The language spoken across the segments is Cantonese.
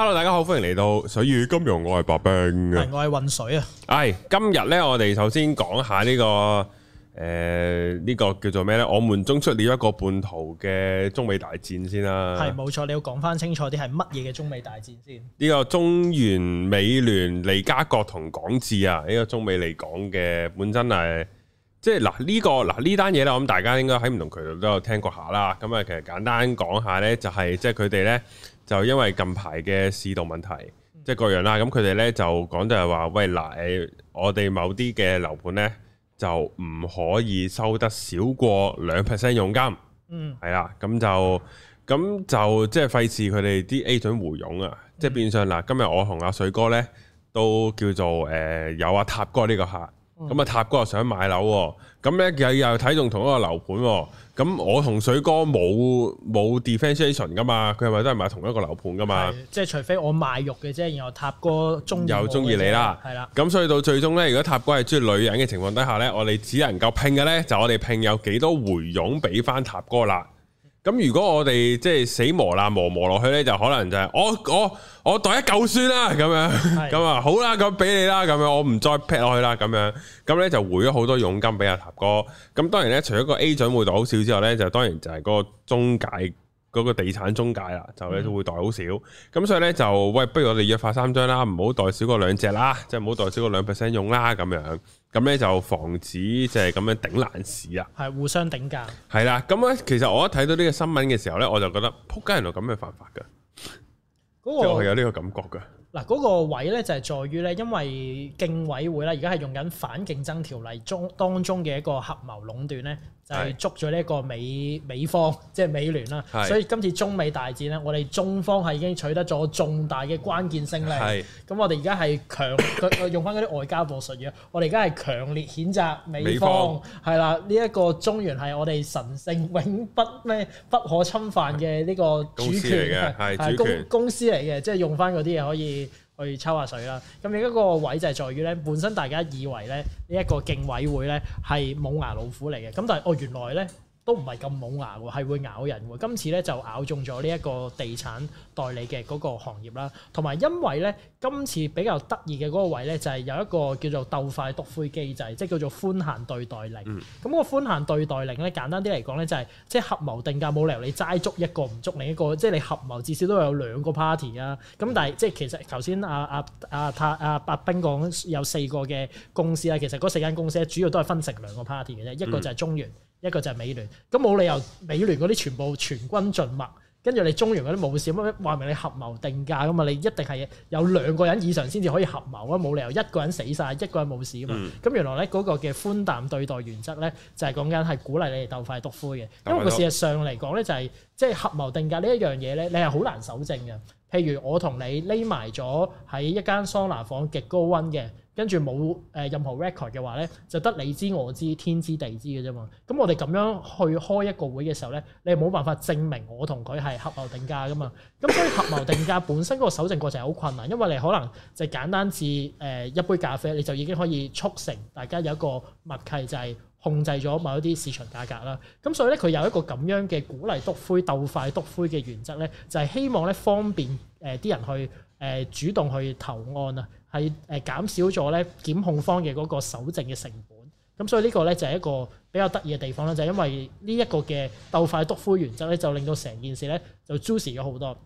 Hello，大家好，歡迎嚟到水與金融。我係白兵嘅，我係混水啊。係、哎、今日咧，我哋首先講下呢個誒呢、呃這個叫做咩咧？我們中出了一個半途嘅中美大戰先啦、啊。係冇錯，你要講翻清楚啲係乜嘢嘅中美大戰先？呢個中原美聯、美聯利嘉閣同港置啊？呢、這個中美利港嘅本身係即係嗱呢個嗱呢單嘢咧，我諗大家應該喺唔同渠道都有聽過下啦。咁啊，其實簡單講下咧、就是，就係即係佢哋咧。就因為近排嘅市道問題，即係、嗯、各樣啦，咁佢哋咧就講就係話，喂嗱誒、呃，我哋某啲嘅樓盤咧就唔可以收得少過兩 percent 佣金，用嗯，係啦，咁就咁就即係費事佢哋啲 agent 回佣啊，即係、嗯、變相嗱，今日我同阿水哥咧都叫做誒、呃、有阿塔哥呢個客，咁阿、嗯、塔哥又想買樓、啊。咁咧又又睇中同一個樓盤喎、哦，咁我同水哥冇冇 differentiation 噶嘛，佢係咪都係買同一個樓盤噶嘛？即係除非我賣肉嘅啫，然後塔哥中意我嘅，又中意你啦，係啦了。咁所以到最終咧，如果塔哥係中意女人嘅情況底下咧，我哋只能夠拼嘅咧，就我哋拼有幾多回傭俾翻塔哥啦。咁如果我哋即係死磨啦磨磨落去咧，就可能就係我我我代一嚿算啦，咁樣咁啊是的 好啦，咁俾你啦，咁樣我唔再劈落去啦，咁樣咁咧就回咗好多佣金俾阿塔哥。咁當然咧，除咗個 A 准會代好少之外咧，就當然就係嗰個中介嗰、那個地產中介啦，就咧會代好少。咁、嗯、所以咧就喂，不如我哋約法三章啦，唔好代少過兩隻啦，即係唔好代少過兩 percent 佣啦，咁樣。咁咧就防止就係咁樣頂爛市啊，係互相頂價。係啦，咁咧其實我一睇到呢個新聞嘅時候咧，我就覺得仆街人就咁嘅犯法嘅，嗰個、 我係有呢個感覺嘅。嗱，嗰個位咧就係在於咧，因為競委會咧而家係用緊反競爭條例中當中嘅一個合謀壟斷咧。就係捉咗呢一個美美方，即係美聯啦。是所以今次中美大戰咧，我哋中方係已經取得咗重大嘅關鍵勝利。咁是我哋而家係強 用翻嗰啲外交部術語，我哋而家係強烈譴責美方係啦。呢一方、呢個中原係我哋神聖永不咩不可侵犯嘅呢個主權公司嚟嘅，係主公司嚟嘅的權，即係用翻嗰啲嘢可以。去抽下水啦，咁另一個位就係在於呢，本身大家以為呢，呢一個競委會呢係冇牙老虎嚟嘅，咁但係，哦，原來呢。都唔係咁冇牙喎，係會咬人喎。今次咧就咬中咗呢一個地產代理嘅嗰個行業啦。同埋因為咧，今次比較得意嘅嗰個位咧，就係有一個叫做鬥快篤灰機制，即係叫做寬限對待令。咁個寬限對待令咧，簡單啲嚟講咧，就係即係合謀定價冇理由你齋捉一個唔捉另一個，即係你合謀至少都有兩個 party 啊。咁但係即係其實頭先阿阿阿阿阿白兵講有四個嘅公司啦，其實嗰四間公司咧主要都係分成兩個 party 嘅啫，一個就係中原。一個就係美聯，咁冇理由美聯嗰啲全部全軍盡墨，跟住你中原嗰啲冇事，咁樣話明你合謀定價噶嘛？你一定係有兩個人以上先至可以合謀啊，冇理由一個人死晒，一個人冇事啊嘛。咁、嗯、原來咧嗰個嘅寬大對待原則咧，就係講緊係鼓勵你哋鬥快篤灰嘅。因為事實上嚟講咧，就係即係合謀定價呢一樣嘢咧，你係好難守正嘅。譬如我同你匿埋咗喺一間桑拿房極高温嘅。跟住冇誒任何 record 嘅話咧，就得你知我知天知地知嘅啫嘛。咁我哋咁樣去開一個會嘅時候咧，你係冇辦法證明我同佢係合謀定價㗎嘛。咁所以合謀定價本身嗰個搜證過程好困難，因為你可能就簡單至誒、呃、一杯咖啡，你就已經可以促成大家有一個默契，就係控制咗某一啲市場價格啦。咁所以咧，佢有一個咁樣嘅鼓勵篤灰鬥快篤灰嘅原則咧，就係、是、希望咧方便誒啲、呃、人去誒、呃、主動去投案啊。係誒減少咗咧檢控方嘅嗰個守證嘅成本，咁所以呢個咧就係一個比較得意嘅地方啦，就係因為呢一個嘅鬥快篤灰原則咧，就令到成件事咧就 juicy 咗好多，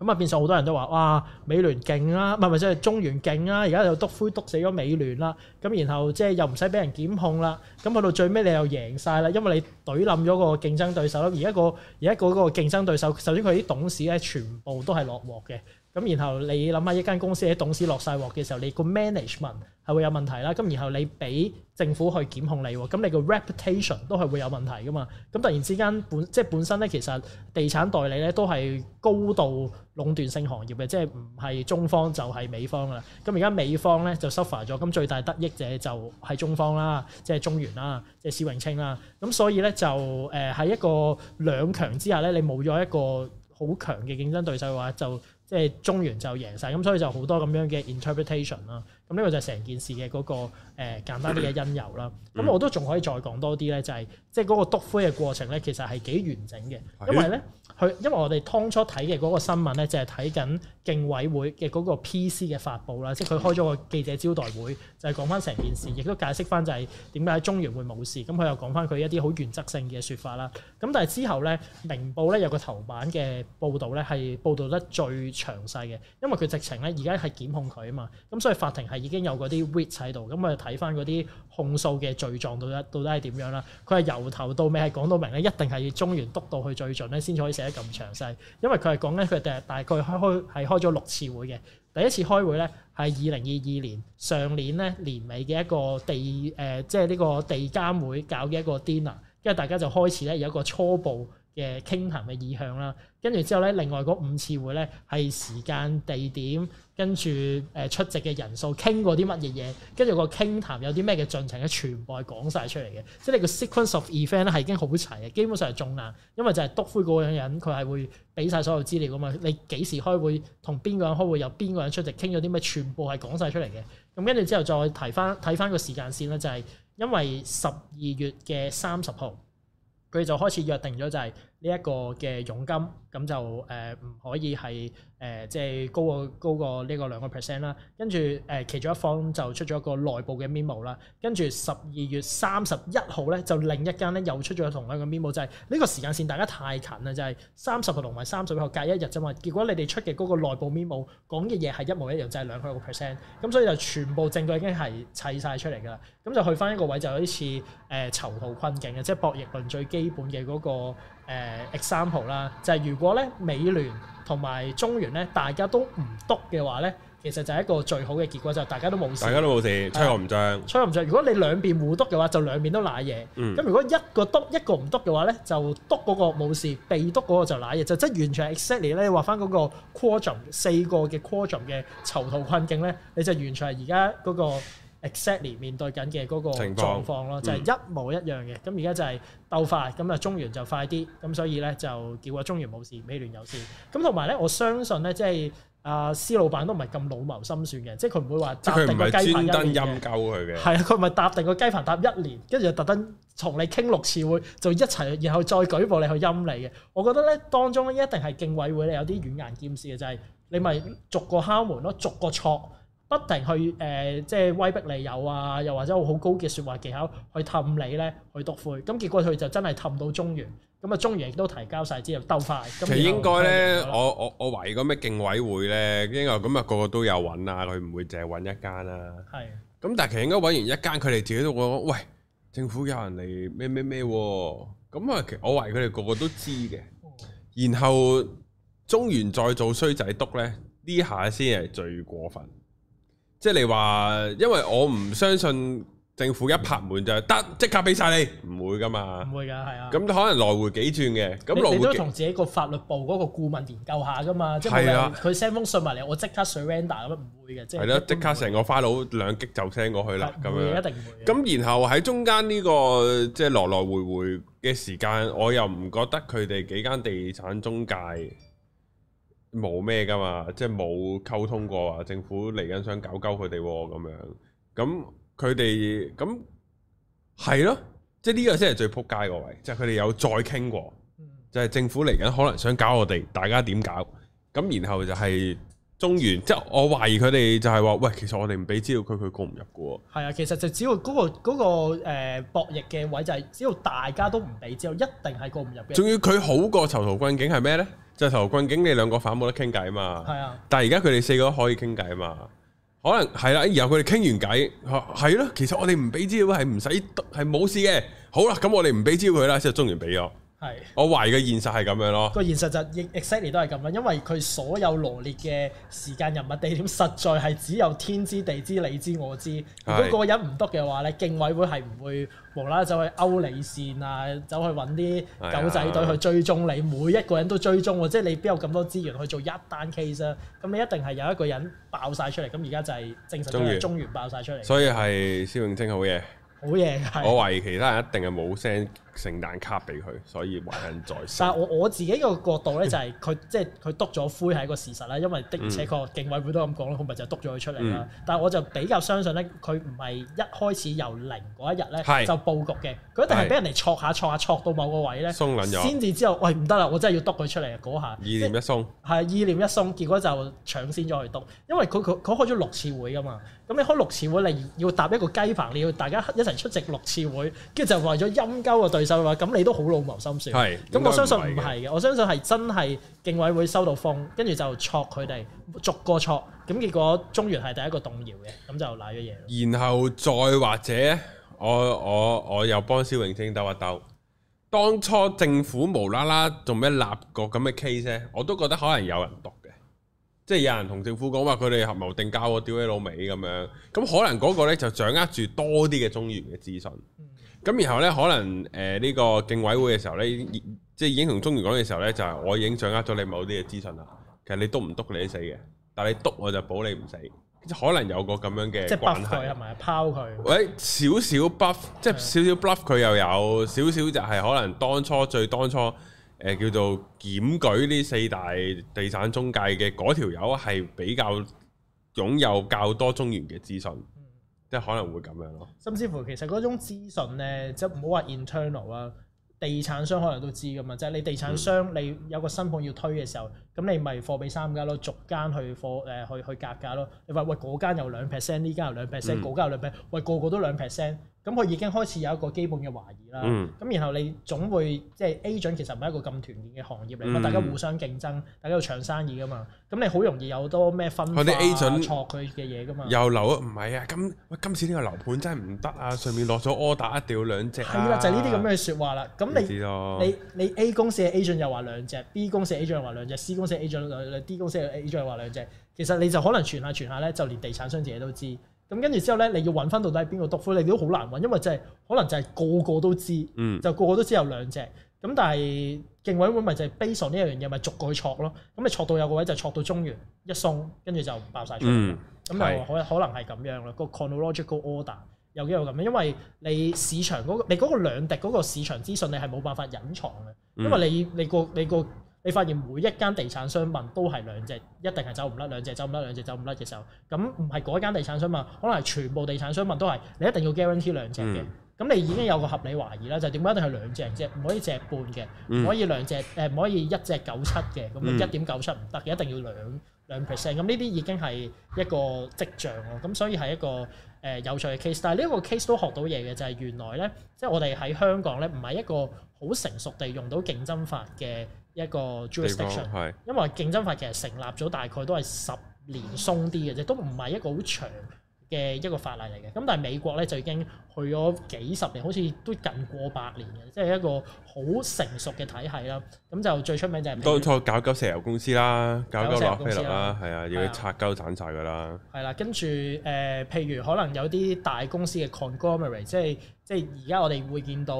咁啊變成好多人都話哇，美聯勁啦，唔係唔係即係中原勁啦，而家又篤灰篤死咗美聯啦，咁然後即係又唔使俾人檢控啦，咁去到最尾你又贏曬啦，因為你懟冧咗個競爭對手啦，而家個而家個競爭對手，首先佢啲董事咧全部都係落鑊嘅。咁然後你諗下，一間公司喺董事落曬鑊嘅時候，你個 management 係會有問題啦。咁然後你俾政府去檢控你，咁你個 reputation 都係會有問題噶嘛。咁突然之間本即係本身咧，其實地產代理咧都係高度壟斷性行業嘅，即係唔係中方就係美方啦。咁而家美方咧就 suffer 咗，咁最大得益者就係中方啦，即係中原啦，即係施永青啦。咁所以咧就誒喺一個兩強之下咧，你冇咗一個好強嘅競爭對手嘅話就。即係中原就贏晒，咁所以就好多咁樣嘅 interpretation 啦。咁呢個就係成件事嘅嗰、嗰個誒、呃、簡單啲嘅因由啦。咁我都仲可以再講多啲咧，就係即係嗰個篤灰嘅過程咧，其實係幾完整嘅。因為咧，佢、欸、因為我哋當初睇嘅嗰個新聞咧，就係睇緊競委會嘅嗰個 PC 嘅發佈啦，即係佢開咗個記者招待會，就係講翻成件事，亦都解釋翻就係點解中原會冇事。咁、嗯、佢又講翻佢一啲好原則性嘅說法啦。咁但係之後咧，明報咧有個頭版嘅報道咧，係報道得最詳細嘅，因為佢直情咧而家係檢控佢啊嘛，咁所以法庭係。已經有嗰啲 wit 喺度，咁啊睇翻嗰啲控訴嘅罪狀到底到底係點樣啦？佢係由頭到尾係講到明咧，一定係要中原督到去最盡咧，先至可以寫得咁詳細。因為佢係講緊佢第大概開開係開咗六次會嘅。第一次開會咧係二零二二年上年咧年尾嘅一個地誒、呃，即係呢個地監會搞嘅一個 dinner，跟住大家就開始咧有一個初步嘅傾談嘅意向啦，跟住之後咧，另外嗰五次會咧係時間、地點，跟住誒出席嘅人數，傾過啲乜嘢嘢，跟住個傾談有啲咩嘅進程咧，全部係講晒出嚟嘅，即係你個 sequence of event 咧係已經好齊嘅，基本上係中難，因為就係督灰嗰樣人，佢係會俾晒所有資料㗎嘛，你幾時開會，同邊個人開會，有邊個人出席，傾咗啲咩，全部係講晒出嚟嘅，咁跟住之後再提翻睇翻個時間線咧，就係因為十二月嘅三十號，佢就開始約定咗就係。呢一個嘅佣金咁就誒唔、呃、可以係誒、呃、即係高過高過呢個兩個 percent 啦。跟住誒其中一方就出咗一個內部嘅 memo 啦。跟住十二月三十一號咧，就另一間咧又出咗同一個 memo，就係呢個時間線大家太近啦，就係三十號同埋三十一號隔一日啫嘛。結果你哋出嘅嗰個內部 memo 講嘅嘢係一模一樣，就係兩個 percent。咁所以就全部證據已經係砌晒出嚟噶啦。咁就去翻一個位就有啲似誒囚徒困境嘅，即係博弈論最基本嘅嗰、嗰個。誒、uh, example 啦，就係、是、如果咧美聯同埋中原咧大家都唔篤嘅話咧，其實就係一個最好嘅結果就係、是、大家都冇事，大家都冇事，吹落唔脹，吹落唔脹。如果你兩邊互篤嘅話，就兩邊都賴嘢。咁、嗯、如果一個篤一個唔篤嘅話咧，就篤嗰個冇事，被篤嗰個就賴嘢。就即、是、係完全係 exactly 咧你畫翻嗰個 quadrant 四個嘅 quadrant 嘅囚徒困境咧，你就完全係而家嗰個。exactly 面對緊嘅嗰個狀況咯，況就係一模一樣嘅。咁而家就係鬥快，咁啊，中原就快啲，咁所以咧就叫個中原冇事，美聯有事。咁同埋咧，我相信咧，即係阿、啊、C 老闆都唔係咁老謀深算嘅，即係佢唔會話。即係佢唔係專登陰鳩佢嘅。係啊，佢唔係搭定個雞棚搭一年，跟住就特登同你傾六次會，就一齊，然後再舉報你去陰你嘅。我覺得咧，當中咧一定係競委會有啲軟硬兼施嘅，就係、是、你咪逐個敲門咯，逐個錯。不停去誒，即係威逼利誘啊，又或者好高嘅説話技巧去氹你咧，去篤灰。咁結果佢就真係氹到中原。咁啊，中原亦都提交曬之後鬥快。其實應該咧，我我我懷疑嗰咩競委會咧，應該咁啊，個個都有揾啊，佢唔會淨係揾一間啊。係。咁但係其實應該揾完一間，佢哋自己都講：喂，政府有人嚟咩咩咩喎？咁啊，其實我懷疑佢哋個個都知嘅。然後中原再做衰仔篤咧，呢下先係最過分。即係你話，因為我唔相信政府一拍門就係得即刻俾晒你，唔會噶嘛。唔會㗎，係啊。咁可能來回幾轉嘅，咁你，你都同自己個法律部嗰個顧問研究下㗎嘛。的即係啊，佢 send 封信埋嚟，我即刻 surrender 咁樣唔會嘅。的即係咯對，即刻成個 file 兩擊就 send 過去啦咁的樣。一定會。咁然後喺中間呢、這個即係、就是、來來回回嘅時間，我又唔覺得佢哋幾間地產中介。冇咩㗎嘛，即係冇溝通過話政府嚟緊想搞鳩佢哋喎咁樣，咁佢哋咁係咯，即係呢個先係最撲街個位，即係佢哋有再傾過，就係、是、政府嚟緊可能想搞我哋，大家點搞？咁然後就係、是。中原即係我懷疑佢哋就係話，喂，其實我哋唔俾資料佢，佢過唔入嘅喎。係啊，其實就只要嗰、嗰個嗰、嗰個呃、博弈嘅位就係，只要大家都唔俾資料，一定係過唔入嘅。仲要佢好過囚徒困境係咩咧？就係、囚徒困境你兩個反冇得傾偈嘛。係啊。但係而家佢哋四個都可以傾偈啊嘛。可能係啦、啊，然後佢哋傾完偈，係咯、啊，其實我哋唔俾資料係唔使，係冇事嘅。好啦，咁我哋唔俾資料佢啦，即係中原俾咗。係，是我懷疑嘅現實係咁樣咯。個現實就 exactly 都係咁啦，因為佢所有羅列嘅時間、人物、地點，實在係只有天知地知你知我知。是如果個人唔得嘅話咧，競委會係唔會無啦啦走去勾你線啊，走去揾啲狗仔隊去追蹤你，啊、每一個人都追蹤喎。即係你邊有咁多資源去做一單 case 啊？咁你一定係有一個人爆晒出嚟。咁而家就係證實咗中原爆晒出嚟。所以係蕭永清好嘢，好嘢。是我懷疑其他人一定係冇聲。聖誕卡俾佢，所以懷恨在心。但係我我自己個角度咧、就是，就係佢即係佢篤咗灰係一個事實啦。因為的而且確，嗯、警委會都咁講啦，佢咪就篤咗佢出嚟啦。嗯、但係我就比較相信咧，佢唔係一開始由零嗰一日咧是 就佈局嘅。佢一定係俾人哋戳下戳下戳到某個位咧，鬆先至知道，喂，唔得啦，我真係要篤佢出嚟嗰下。意念一鬆係意念一鬆，結果就搶先咗去篤，因為佢佢佢開咗六次會噶嘛。咁你開六次會，你要搭一個雞棚，你要大家一齊出席六次會，跟住就為咗陰溝個對。就話咁，你都好老謀深算。係，咁我相信唔係嘅，我相信係真係競委會收到風，跟住就挫佢哋逐個挫，咁結果中原係第一個動搖嘅，咁就賴咗嘢。然後再或者，我我我又幫施永青兜一兜。當初政府無啦啦做咩立個咁嘅 case，我都覺得可能有人讀嘅，即係有人同政府講話，佢哋合謀定交我屌你老味咁樣。咁可能嗰個咧就掌握住多啲嘅中原嘅資訊。嗯咁然後咧，可能誒呢、呃這個競委會嘅時候咧，即係已經同中原講嘅時候咧，就係、是、我已經掌握咗你某啲嘅資訊啦。其實你篤唔篤你都死嘅，但係你篤我就保你唔死。即可能有個咁樣嘅關係。者去拋即係拋佢。喂，少少 bluff，即係少少 bluff，佢又有少少就係可能當初最當初誒、呃、叫做檢舉呢四大地產中介嘅嗰條友係比較擁有較多中原嘅資訊。即係可能會咁樣咯，甚至乎其實嗰種資訊咧，即係唔好話 internal 啊，地產商可能都知噶嘛，就係、是、你地產商、嗯、你有個新盤要推嘅時候。咁你咪貨比三家咯，逐間去貨誒去去格價咯。你話喂嗰間有兩 percent，呢間有兩 percent，嗰間有兩 percent，喂個個都兩 percent，咁佢已經開始有一個基本嘅懷疑啦。咁然後你總會即係 agent 其實唔係一個咁團結嘅行業嚟㗎，大家互相競爭，大家要搶生意㗎嘛。咁你好容易有多咩分散啊錯佢嘅嘢㗎嘛。又流唔係啊？今，喂今次呢個樓盤真係唔得啊！上面落咗 order 一定要兩隻。係啦，就係呢啲咁樣嘅説話啦。咁你你你 A 公司 agent 又話兩隻，B 公司 agent 又話兩隻，C 公司 agent D 公司嘅 agent 話兩隻，其實你就可能傳下傳下咧，就連地產商自己都知。咁跟住之後咧，你要揾翻到，到底係邊個督灰，你都好難揾，因為就係、是、可能就係個個都知，嗯、就個個都知有兩隻。咁但係競委會咪就係 base 呢一樣嘢，咪逐個去錯咯。咁你錯到有個位就錯到中原一鬆，跟住就爆晒出嚟。咁、嗯、就可可能係咁樣咯。是個 chronological order 有啲有咁樣，因為你市場嗰、那個你嗰個兩滴嗰個市場資訊，你係冇辦法隱藏嘅，因為你你個、那、你個。你發現每一間地產商問都係兩隻，一定係走唔甩兩隻走，走唔甩兩隻走，兩隻走唔甩隻手。咁唔係嗰間地產商問，可能係全部地產商問都係你一定要 guarantee 兩隻嘅。咁、嗯、你已經有個合理懷疑啦，就點、係、解一定係兩隻啫？唔可以隻半嘅，唔、嗯、可以兩隻，誒、呃、唔可以一隻九七嘅咁一點九七唔得嘅，一定要兩兩 percent。咁呢啲已經係一個跡象咯。咁所以係一個。誒、呃、有趣嘅 case，但係呢個 case 都學到嘢嘅，就係、是、原來咧，即、就、係、是、我哋喺香港咧，唔係一個好成熟地用到競爭法嘅一個 jurisdiction，因為競爭法其實成立咗大概都係十年鬆啲嘅啫，都唔係一個好長嘅一個法例嚟嘅，咁但係美國咧就已經去咗幾十年，好似都近過百年嘅，即、就、係、是、一個好成熟嘅體系啦。咁、嗯、就最出名就係當初搞鳩石油公司啦，搞鳩洛克菲勒啦，係啊，要拆鳩、斬晒噶啦。係、嗯、啦、啊，跟住誒、呃，譬如可能有啲大公司嘅 conglomerate，即係。即係而家我哋會見到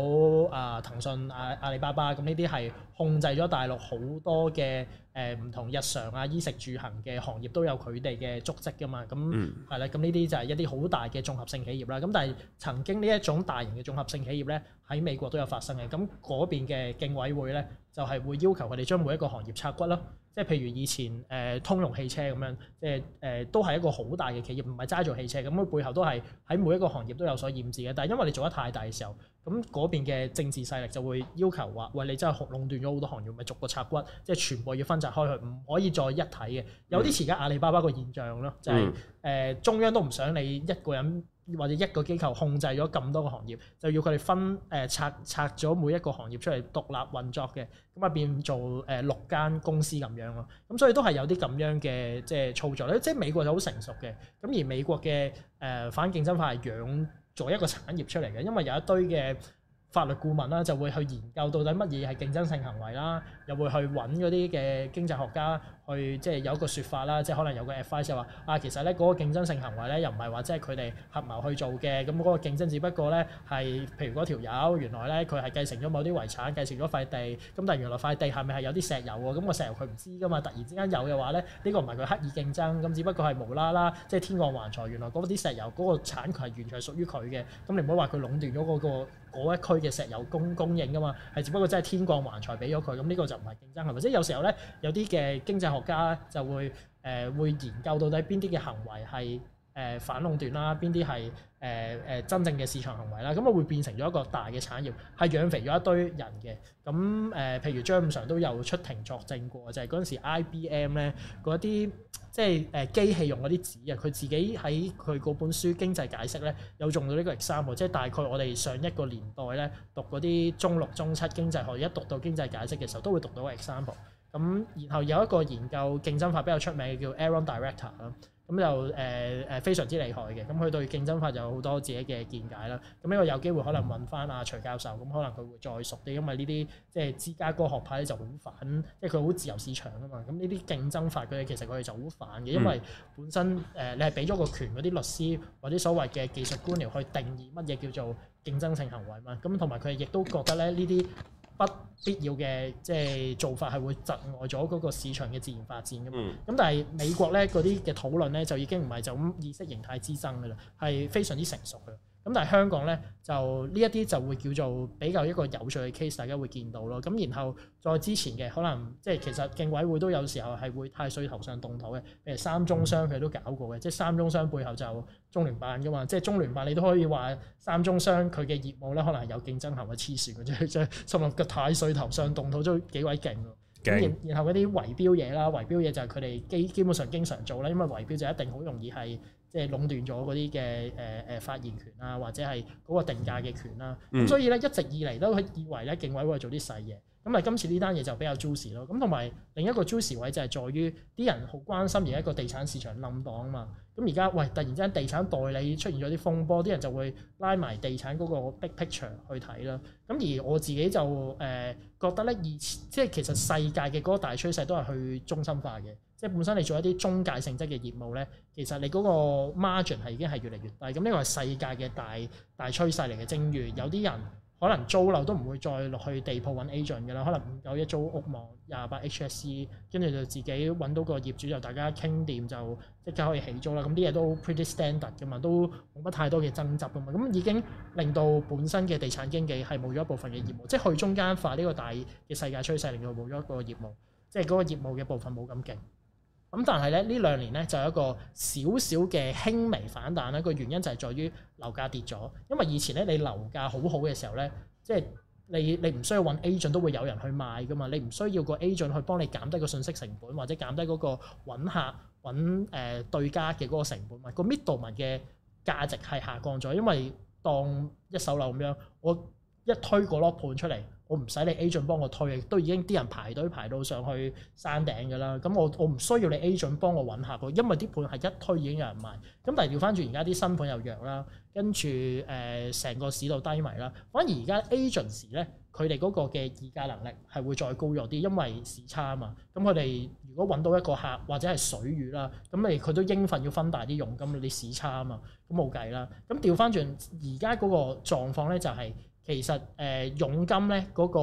啊，騰訊啊、阿里巴巴咁呢啲係控制咗大陸好多嘅誒唔同日常啊、衣食住行嘅行業都有佢哋嘅足跡㗎嘛，咁係啦，咁呢啲就係一啲好大嘅綜合性企業啦。咁但係曾經呢一種大型嘅綜合性企業咧，喺美國都有發生嘅，咁嗰邊嘅競委會咧，就係會要求佢哋將每一個行業拆骨咯，即係譬如以前誒、呃、通用汽車咁樣，即係誒、呃、都係一個好大嘅企業，唔係齋做汽車，咁佢背後都係喺每一個行業都有所染指嘅。但係因為你做得太大嘅時候，咁嗰邊嘅政治勢力就會要求話：喂、呃，你真係壟斷咗好多行業，咪逐個拆骨，即係全部要分拆開佢，唔可以再一體嘅。有啲似而家阿里巴巴個現象咯，就係、是、誒、呃、中央都唔想你一個人，或者一個機構控制咗咁多個行業，就要佢哋分誒、呃、拆拆咗每一個行業出嚟獨立運作嘅，咁啊變做誒六間公司咁樣咯。咁、嗯、所以都係有啲咁樣嘅即係操作咧，即係美國就好成熟嘅。咁而美國嘅誒、呃、反競爭法係養咗一個產業出嚟嘅，因為有一堆嘅法律顧問啦、啊，就會去研究到底乜嘢係競爭性行為啦。又會去揾嗰啲嘅經濟學家，去即係有個説法啦，即係可能有個 FI 就話啊，其實咧嗰個競爭性行為咧又唔係話即係佢哋合謀去做嘅，咁嗰個競爭只不過咧係譬如嗰條友原來咧佢係繼承咗某啲遺產，繼承咗塊地，咁但係原來塊地下面係有啲石油喎，咁個石油佢唔知噶嘛，突然之間有嘅話咧，呢個唔係佢刻意競爭，咁只不過係無啦啦即係天降橫財，原來嗰啲石油嗰個產權係完全係屬於佢嘅，咁你唔好話佢壟斷咗嗰個嗰一區嘅石油供供應噶嘛，係只不過真係天降橫財俾咗佢，咁呢個就。同埋競爭係咪？即係有時候咧，有啲嘅經濟學家咧就會誒、呃、會研究到底邊啲嘅行為係。誒反壟斷啦，邊啲係誒誒真正嘅市場行為啦？咁啊會變成咗一個大嘅產業，係養肥咗一堆人嘅。咁誒、呃，譬如張五常都有出庭作證過，就係嗰陣時 IBM 咧嗰啲即係誒機器用嗰啲紙啊，佢自己喺佢嗰本書《經濟解釋》咧有用到呢個 example，即係大概我哋上一個年代咧讀嗰啲中六中七經濟學，一讀到《經濟解釋》嘅時候都會讀到個 example。咁然後有一個研究競爭法比較出名嘅叫 Aaron Director 啦。咁就誒誒非常之厲害嘅，咁佢對競爭法有好多自己嘅見解啦。咁呢個有機會可能揾翻阿徐教授，咁可能佢會再熟啲，因為呢啲即係芝加哥學派咧就好反，即係佢好自由市場啊嘛。咁呢啲競爭法佢哋其實佢哋就好反嘅，因為本身誒你係俾咗個權嗰啲律師或者所謂嘅技術官僚去定義乜嘢叫做競爭性行為嘛。咁同埋佢哋亦都覺得咧呢啲。不必要嘅即係做法係會窒礙咗嗰個市場嘅自然發展㗎嘛。咁、嗯、但係美國咧嗰啲嘅討論咧就已經唔係就咁意識形態之爭嘅啦，係非常之成熟嘅。咁但係香港咧就呢一啲就會叫做比較一個有趣嘅 case，大家會見到咯。咁然後再之前嘅可能即係其實競委會都有時候係會太歲頭上動土嘅，譬如三中商佢都搞過嘅，即係三中商背後就中聯辦噶嘛，即係中聯辦你都可以話三中商佢嘅業務咧可能係有競爭行為嘅黐線嘅，啫。係即係，甚至個太歲頭上動土都幾鬼勁咯。勁害。然後嗰啲圍標嘢啦，圍標嘢就係佢哋基基本上經常做啦，因為圍標就一定好容易係。即係壟斷咗嗰啲嘅誒誒發言權啊，或者係嗰個定價嘅權啦。嗯、所以咧一直以嚟都以為咧，警委會做啲細嘢。咁啊，今次呢單嘢就比較 juicy 咯。咁同埋另一個 juicy 位就係在於啲人好關心而家個地產市場冧檔啊嘛。咁而家喂，突然之間地產代理出現咗啲風波，啲人就會拉埋地產嗰個 big picture 去睇啦。咁而我自己就誒、呃、覺得咧，以即係其實世界嘅嗰個大趨勢都係去中心化嘅。即係本身你做一啲中介性質嘅業務咧，其實你嗰個 margin 係已經係越嚟越低。咁呢個係世界嘅大大趨勢嚟嘅。正如有啲人可能租樓都唔會再落去地鋪揾 agent 㗎啦。可能有一租屋網廿八 Hse，跟住就自己揾到個業主就大家傾掂就即刻可以起租啦。咁啲嘢都 pretty standard 㗎嘛，都冇乜太多嘅爭執㗎嘛。咁已經令到本身嘅地產經紀係冇咗一部分嘅業務，即係去中間化呢個大嘅世界趨勢令到冇咗一個業務，即係嗰個業務嘅部分冇咁勁。咁但係咧，呢兩年咧就有一個少少嘅輕微反彈咧，個原因就係在於樓價跌咗。因為以前咧你樓價好好嘅時候咧，即係你你唔需要揾 agent 都會有人去買噶嘛，你唔需要個 agent 去幫你減低個信息成本或者減低嗰個揾客揾誒、呃、對家嘅嗰個成本。咪個 middleman 嘅價值係下降咗，因為當一手樓咁樣，我一推嗰攞盤出嚟。我唔使你 agent 幫我推，都已經啲人排隊排到上去山頂㗎啦。咁我我唔需要你 agent 幫我揾客，因為啲盤係一推已經有人買。咁但係調翻轉而家啲新盤又弱啦，跟住誒成個市道低迷啦。反而而家 agents 咧，佢哋嗰個嘅議價能力係會再高咗啲，因為市差啊嘛。咁佢哋如果揾到一個客或者係水魚啦，咁你佢都應份要分大啲佣金，你市差啊嘛。咁冇計啦。咁調翻轉而家嗰個狀況咧就係、是。其實誒、呃、佣金咧嗰、那個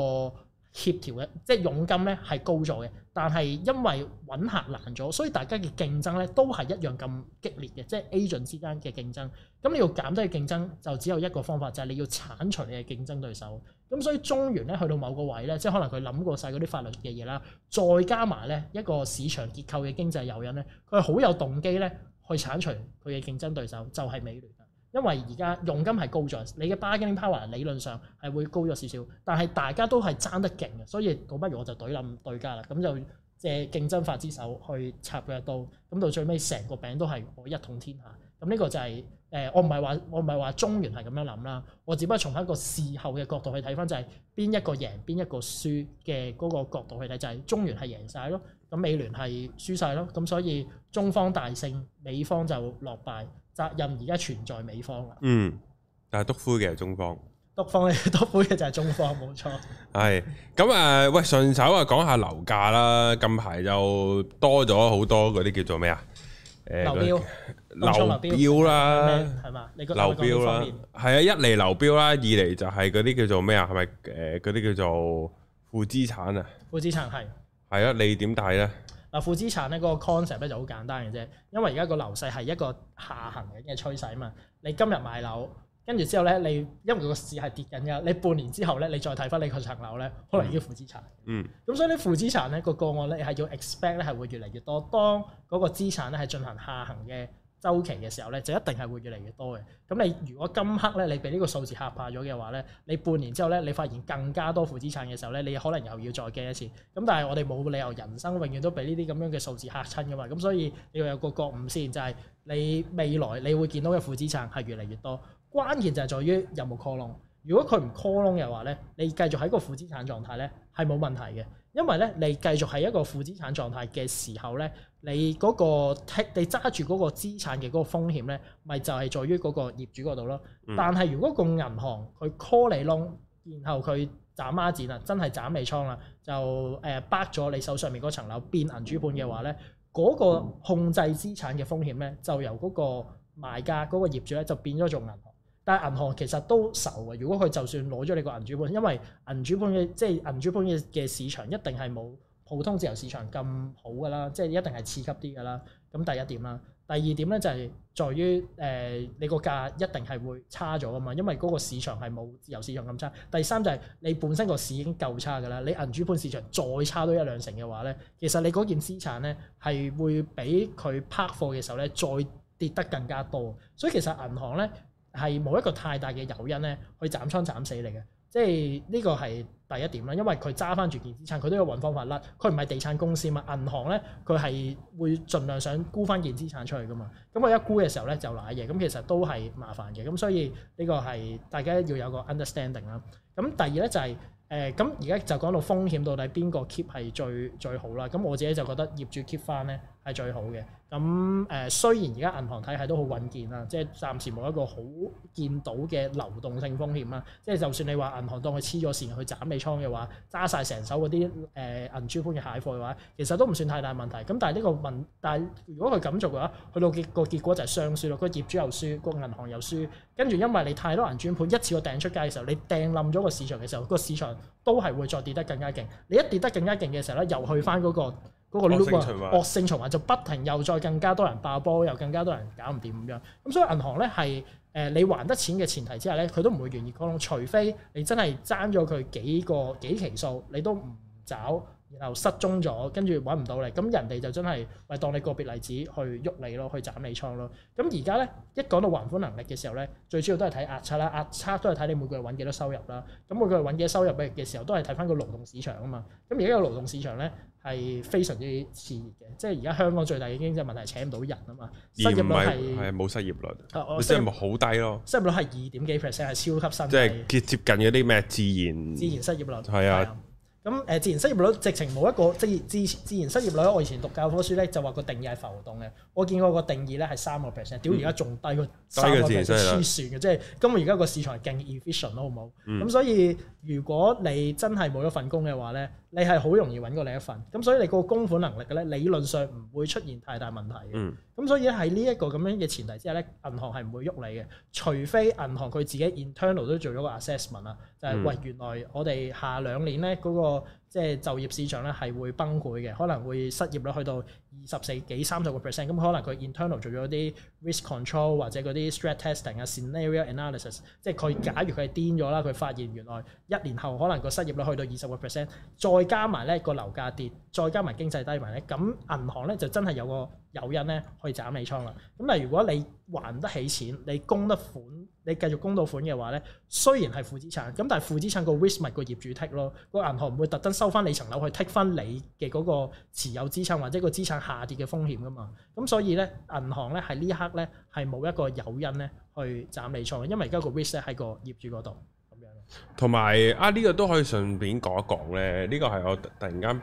協調嘅，即係佣金咧係高咗嘅，但係因為揾客難咗，所以大家嘅競爭咧都係一樣咁激烈嘅，即係 agent 之間嘅競爭。咁你要減低嘅競爭就只有一個方法，就係、是、你要剷除你嘅競爭對手。咁所以中原咧去到某個位咧，即係可能佢諗過晒嗰啲法律嘅嘢啦，再加埋咧一個市場結構嘅經濟誘因咧，佢係好有動機咧去剷除佢嘅競爭對手，就係、是、美聯。因為而家佣金係高咗，你嘅 bargaining power 理論上係會高咗少少，但係大家都係爭得勁嘅，所以倒不如我就懟冧對家啦，咁就借競爭法之手去插佢一刀，咁到最尾成個餅都係我一統天下，咁呢個就係、是、誒我唔係話我唔係話中原係咁樣諗啦，我只不過從一個事後嘅角度去睇返，就係邊一個贏邊一個輸嘅嗰個角度去睇，就係、是、中原係贏晒咯，咁美聯係輸晒咯，咁所以中方大勝，美方就落敗。責任而家存在美方啦。嗯，但係督灰嘅係中方，督方咧督灰嘅就係中方，冇錯。係咁啊，喂，順手啊講下樓價啦。近排就多咗好多嗰啲叫做咩啊？誒流標、流標啦，係嘛？你講流標啦，係啊，一嚟流標啦，二嚟就係嗰啲叫做咩啊？係咪誒嗰啲叫做負資產啊？負資產係，係啊，你點睇咧？負資產咧嗰個 concept 咧就好簡單嘅啫，因為而家個樓勢係一個下行嘅趨勢啊嘛，你今日買樓，跟住之後咧，你因為個市係跌緊㗎，你半年之後咧，你再睇翻你個層樓咧，可能已經負資產。嗯。咁、嗯、所以咧負資產咧個個案咧係要 expect 咧係會越嚟越多，當嗰個資產咧係進行下行嘅周期嘅時候咧，就一定係會越嚟越多嘅。咁你如果今刻咧你俾呢個數字嚇怕咗嘅話咧，你半年之後咧你發現更加多負資產嘅時候咧，你可能又要再驚一次。咁但係我哋冇理由人生永遠都俾呢啲咁樣嘅數字嚇親噶嘛。咁所以你要有個覺悟先，就係你未來你會見到嘅負資產係越嚟越多。關鍵就係在於有冇 call 窿。如果佢唔 call 窿嘅話咧，你繼續喺個負資產狀態咧係冇問題嘅，因為咧你繼續喺一個負資產狀態嘅時候咧。你嗰、那、剔、個，你揸住嗰個資產嘅嗰個風險咧，咪就係、是、在於嗰個業主嗰度咯。嗯、但係如果個銀行佢 call 你 loan，然後佢斬孖展啊，真係斬你倉啦，就誒咗、呃、你手上面嗰層樓變銀主盤嘅話咧，嗰、那個控制資產嘅風險咧，就由嗰個賣家嗰、那個業主咧就變咗做銀行。但係銀行其實都愁呀，如果佢就算攞咗你個銀主盤，因為銀主盤嘅即係銀主盤嘅嘅市場一定係冇普通自由市場咁好噶啦，即係一定係次級啲噶啦。咁第一點啦，第二點咧就係在於誒、呃、你個價一定係會差咗噶嘛，因為嗰個市場係冇自由市場咁差。第三就係你本身個市已經夠差噶啦，你銀主盤市場再差多一兩成嘅話咧，其實你嗰件資產咧係會比佢拍貨嘅時候咧再跌得更加多。所以其實銀行咧係冇一個太大嘅誘因咧去斬倉斬死你嘅。即係呢個係第一點啦，因為佢揸翻住現資產，佢都要揾方法甩。佢唔係地產公司嘛，銀行呢，佢係會盡量想沽翻現資產出去㗎嘛。咁佢一沽嘅時候呢，就瀨嘢，咁其實都係麻煩嘅。咁所以呢個係大家要有個 understanding 啦。咁第二呢、就係，就係誒，咁而家就講到風險到底邊個 keep 係最最好啦。咁我自己就覺得業主 keep 翻呢。係最好嘅，咁誒、呃、雖然而家銀行體系都好穩健啦，即係暫時冇一個好見到嘅流動性風險啦。即係就算你話銀行當佢黐咗線去斬尾倉嘅話，揸晒成手嗰啲誒銀主盤嘅蟹貨嘅話，其實都唔算太大問題。咁但係呢個問題，但係如果佢咁做嘅話，去到結個結果就係雙輸咯。個業主又輸，個銀行又輸。跟住因為你太多銀主盤，一次過掟出街嘅時候，你掟冧咗個市場嘅時候，個市場都係會再跌得更加勁。你一跌得更加勁嘅時候咧，又去翻嗰、那個。嗰個 loop 啊，惡性循環，惡性循環就不停又再更加多人爆波，又更加多人搞唔掂咁樣。咁所以銀行咧係誒你還得錢嘅前提之下咧，佢都唔會願意 call 除非你真係爭咗佢幾個幾期數，你都唔找，然後失蹤咗，跟住揾唔到你，咁人哋就真係咪當你個別例子去喐你咯，去斬你倉咯。咁而家咧，一講到還款能力嘅時候咧，最主要都係睇壓測啦，壓測都係睇你每個月揾幾多收入啦。咁每個月揾幾多收入嘅嘅時候都係睇翻個勞動市場啊嘛。咁而家個勞動市場咧，係非常之熾熱嘅，即係而家香港最大嘅經濟問題係請唔到人啊嘛，失業率係冇失業率，啊、我失業率好低咯，失業率係二點幾 percent 係超級新低，即係接接近嗰啲咩自然自然失業率係是啊，啊，咁誒自然失業率直情冇一個即係自自，自然失業率，我以前讀教科書咧就話個定義係浮動嘅。我見過個定義咧係三個 percent，屌而家仲低過三個 percent 黐線嘅，即係今日而家個市場係勁 efficient 咯，好唔好？咁、嗯、所以如果你真係冇咗份工嘅話咧，你係好容易揾過另一份，咁所以你個供款能力咧理論上唔會出現太大問題嘅。咁、嗯、所以喺呢一個咁樣嘅前提之下咧，銀行係唔會喐你嘅，除非銀行佢自己 internal 都做咗個 assessment 啦、就係，就係、嗯、喂原來我哋下兩年咧、嗰、嗰個。即係就業市場咧係會崩潰嘅，可能會失業率去到二十四幾三十個 percent，咁可能佢 internal 做咗啲 risk control 或者嗰啲 stress testing 啊 scenario analysis，即係佢假如佢係癲咗啦，佢發現原來一年後可能個失業率去到二十個 percent，再加埋咧個樓價跌，再加埋經濟低迷咧，咁銀行咧就真係有個誘因咧去斬尾倉啦。咁但如果你還得起錢，你供得款。你繼續供到款嘅話咧，雖然係負資產，咁但係負資產個 risk 咪個業主 take 咯，個銀行唔會特登收翻你層樓去 take 翻你嘅嗰個持有資產或者個資產下跌嘅風險噶嘛。咁所以咧，銀行咧係呢刻咧係冇一個誘因咧去斬你錯，因為而家個 risk 咧喺個業主嗰度。同埋啊，呢個都可以順便講一講咧。呢個係我突然間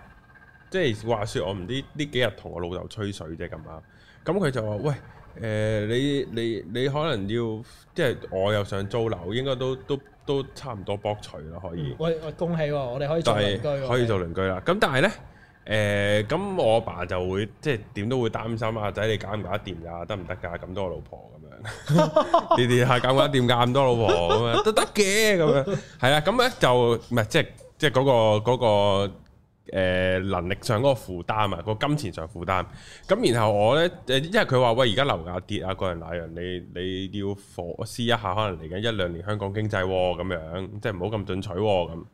即係話説，我唔知呢幾日同我老豆吹水啫咁樣。咁佢就話：喂。誒你你你可能要即係我又想租樓，應該都都都差唔多博除啦，可以。喂喂，恭喜喎！我哋可以做鄰居。可以做鄰居啦，咁但係咧誒，咁我阿爸就會即係點都會擔心阿仔你搞唔搞得掂㗎，得唔得㗎？咁多個老婆咁樣，你哋係搞唔搞得掂㗎？咁多老婆咁樣都得嘅咁樣，係啊，咁咧就唔係即係即係嗰個嗰個。誒、呃、能力上嗰個負擔啊，個金錢上負擔。咁然後我咧誒，因為佢話喂，而家樓價跌啊，嗰人那樣，你你要反思一下，可能嚟緊一兩年香港經濟咁、啊、樣，即係唔好咁進取咁、啊。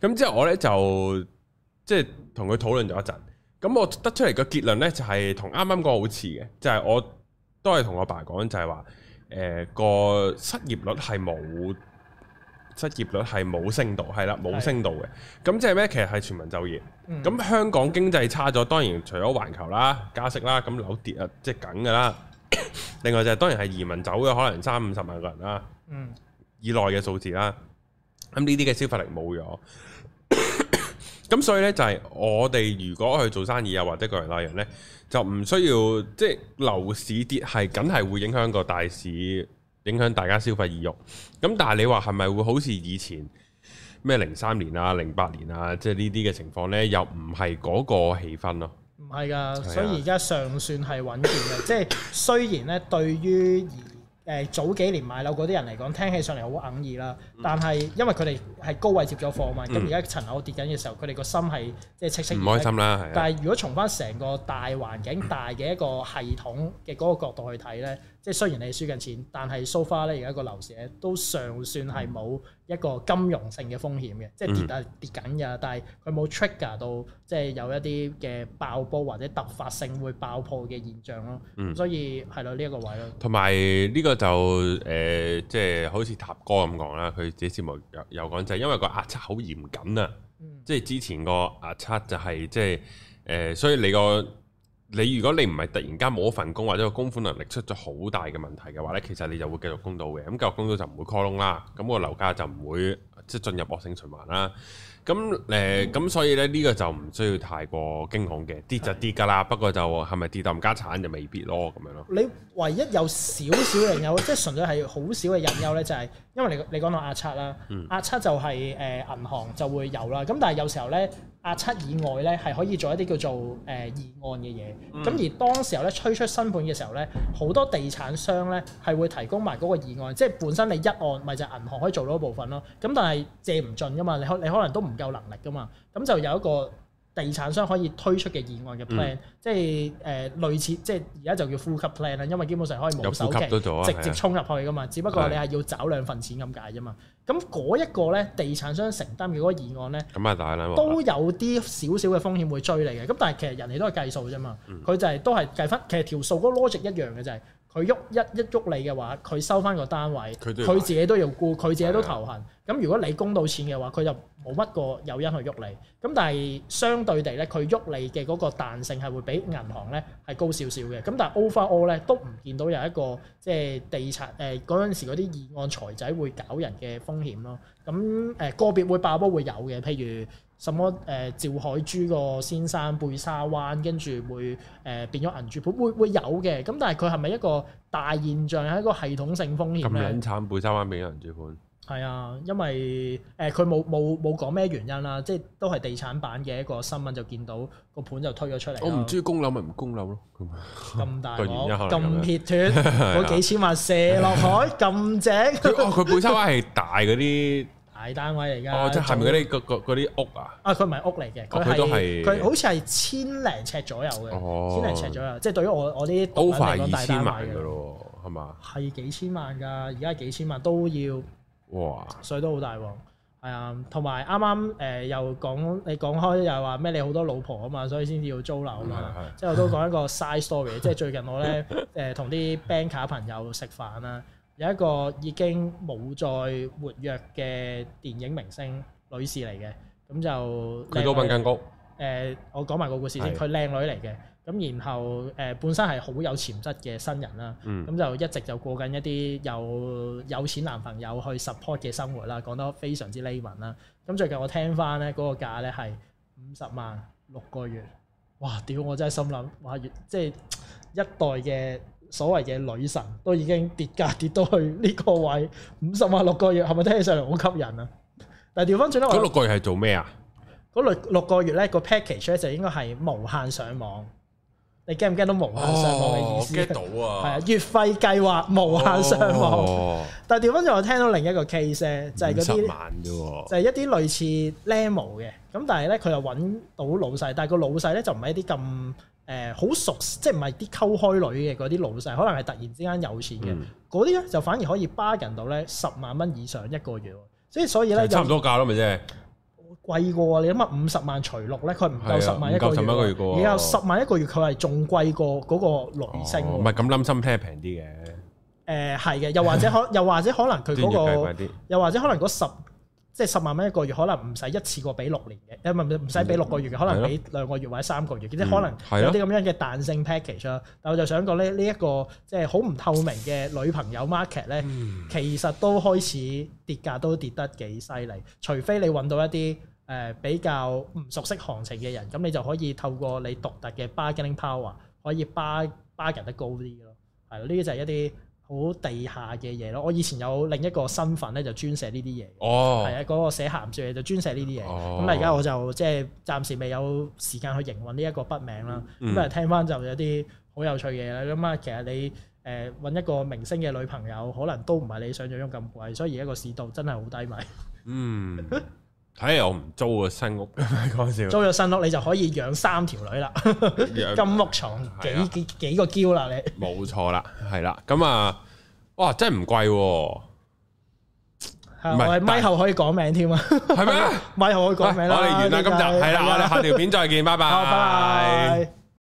咁之後我咧就即係同佢討論咗一陣。咁我得出嚟個結論咧就係同啱啱嗰個好似嘅，就係、是、我都係同我爸講就係話，誒、呃、個失業率係冇。失業率係冇升到，係啦冇升到嘅，咁即係咩？其實係全民就業。咁、嗯、香港經濟差咗，當然除咗環球啦、加息啦，咁樓跌啊，即係梗㗎啦。嗯、另外就係、是、當然係移民走嘅，可能三五十萬個人啦，嗯、以內嘅數字啦。咁呢啲嘅消費力冇咗，咁 所以呢，就係、是、我哋如果去做生意啊，或者個人拉人呢，就唔需要即係、就是、樓市跌係梗係會影響個大市。影響大家消費意欲，咁但係你話係咪會好似以前咩？零三年啊、零八年啊，即係呢啲嘅情況呢，又唔係嗰個氣氛咯、啊？唔係㗎，的所以而家尚算係穩健嘅。即係 雖然呢，對於誒早幾年買樓嗰啲人嚟講，聽起上嚟好硬意啦。但係因為佢哋係高位接咗貨嘛，咁而家層樓跌緊嘅時候，佢哋個心係即係戚戚。唔開心啦，係。但係如果從翻成個大環境、大嘅一個系統嘅嗰個角度去睇呢。即係雖然你輸緊錢，但係 so far 咧而家個樓市咧都尚算係冇一個金融性嘅風險嘅、嗯，即係跌啊跌緊㗎，但係佢冇 trigger 到即係有一啲嘅爆煲或者突發性會爆破嘅現象咯。嗯、所以係咯呢一個位咯。同埋呢個就誒，即、呃、係、就是、好似塔哥咁講啦，佢自己節目有有講就係、是、因為個壓測好嚴謹啊，即係、嗯、之前個壓測就係即係誒，所以你個。你如果你唔係突然間冇一份工，或者個供款能力出咗好大嘅問題嘅話呢，其實你就會繼續供到嘅，咁、嗯、繼續供到就唔會 call loan 啦，咁、個樓價就唔會即係、就是、進入惡性循環啦。咁誒，咁、嗯嗯、所以咧呢、呢個就唔需要太過驚恐嘅，跌就跌㗎啦。是不過就係咪跌到唔家產就未必咯，咁樣咯。你唯一有少少嘅隱憂，即係純粹係好少嘅隱憂咧， 就係、就是、因為你你講到壓測啦，壓測就係、是、誒、呃、銀行就會有啦。咁但係有時候咧，壓測以外咧係可以做一啲叫做誒二、呃、按嘅嘢。咁、嗯、而當時候咧推出新盤嘅時候咧，好多地產商咧係會提供埋嗰個二按，即、就、係、是、本身你一按咪就係銀行可以做到一部分咯。咁但係借唔盡㗎嘛，你可你可能都唔。唔夠能力噶嘛，咁就有一個地產商可以推出嘅二按嘅 plan，嗯、即係誒、呃、類似即係而家就叫呼吸 plan 啦，因為基本上可以冇手續直，直接衝入去噶嘛，只不過你係要找兩份錢咁解啫嘛。咁嗰一個咧地產商承擔嘅嗰個二按咧，咁啊大都有啲少少嘅風險會追你嘅，咁但係其實人哋都係計數啫嘛，佢、嗯、就係、是、都係計返其實條數嗰邏輯一樣嘅就係、是。佢喐一一喐你嘅話，佢收翻個單位，佢自己都要顧，佢自己都頭痕。咁的如果你供到錢嘅話，佢就冇乜個誘因去喐你。咁但係相對地咧，佢喐你嘅嗰個彈性係會比銀行咧係高少少嘅。咁但係 overall 咧都唔見到有一個即係、就是、地產誒嗰陣時嗰啲議案財仔會搞人嘅風險咯。咁、呃、誒個別會爆煲會有嘅，譬如。什麼？誒、呃、趙海珠個先生貝沙灣跟住會誒、呃、變咗銀主盤，會會有嘅。咁但係佢係咪一個大現象，係一個系統性風險咧？咁撚慘，貝沙灣變咗銀主盤。係啊，因為誒佢冇冇冇講咩原因啦，即係都係地產版嘅一個新聞就見到個盤就推咗出嚟。我唔知供樓咪唔供樓咯。咁大嘅原因？咁撇斷，嗰 幾千萬射落海咁正。佢貝沙灣係大嗰啲。 大單位嚟㗎，即係咪嗰啲啲屋啊？啊，佢唔係屋嚟嘅，佢係佢好似係千零尺左右嘅，千零尺左右，即係對於我我啲都快二千萬㗎咯，係嘛？係幾千萬㗎，而家幾千萬都要，所以都好大喎。係啊，同埋啱啱誒又講你講開又話咩？你好多老婆啊嘛，所以先至要租樓啊嘛。即係我都講一個 side story，即係最近我咧誒同啲 banker 朋友食飯啦。有一個已經冇再活躍嘅電影明星女士嚟嘅，咁就佢高品更高。誒，我講埋個故事先。佢靚女嚟嘅，咁然後誒本身係好有潛質嘅新人啦。咁就一直就過緊一啲有有錢男朋友去 support 嘅生活啦，講得非常之 lemon 啦。咁最近我聽翻咧，嗰個價咧係五十萬六個月，哇！屌，我真係心諗，哇！即係一代嘅。所謂嘅女神都已經跌價跌，跌到去呢個位五十萬六個月，係咪聽起上嚟好吸引啊？但係調翻轉咧，嗰六個月係做咩啊？嗰六六個月咧個 package 咧就應該係無限上網，你驚唔驚到無限上網嘅意思？驚、哦、到啊！係啊， 月費計劃無限上網。哦、但係調翻轉，我聽到另一個 case 咧，就係嗰啲就係一啲類似 l 僆模嘅，咁但係咧佢又揾到老細，但係個老細咧就唔係一啲咁。誒好熟，即係唔係啲溝開女嘅嗰啲老細，可能係突然之間有錢嘅，嗰啲咧就反而可以 bargain 到咧十萬蚊以上一個月，所以所以咧就差唔多價咯，咪啫貴過你諗下五十萬除六咧，佢唔夠十萬一個月，唔夠十萬一個月嘅，你有十萬一個月佢係仲貴過嗰個女星，唔係咁諗心聽平啲嘅，誒係嘅，又或者可又或者可能佢嗰個，又或者可能嗰十。即係十萬蚊一個月，可能唔使一次過俾六年嘅，誒唔唔使俾六個月嘅，可能俾兩個月或者三個月，或者係可能有啲咁樣嘅彈性 package 啦係。但我就想講咧、呢個，呢一個即係好唔透明嘅女朋友 market 咧，其實都開始跌價，都跌得幾犀利。除非你揾到一啲誒比較唔熟悉行情嘅人，咁你就可以透過你獨特嘅 bargaining power 可以 bargain 得高啲咯。係啦，呢啲就係一啲。好地下嘅嘢咯，我以前有另一個身份咧，就專寫呢啲嘢。哦、oh.，係啊，嗰個寫鹹濕嘢就專寫呢啲嘢。咁啊，而家我就即係暫時未有時間去營運呢一個筆名啦。咁啊，聽翻就有啲好有趣嘅嘢啦。咁啊，其實你誒揾、呃、一個明星嘅女朋友，可能都唔係你想像中咁貴，所以而家個市道真係好低迷。嗯。Mm. 睇嚟我唔租個新屋，講笑。租咗新屋，你就可以養三條女啦，金屋藏幾幾幾個嬌啦，你。冇錯啦，係啦，咁啊，哇，真係唔貴。我咪，咪後可以講名添啊，係咪？咪麥後可以講名。我哋完啦，今集。係啦，我哋下條片再見，拜拜。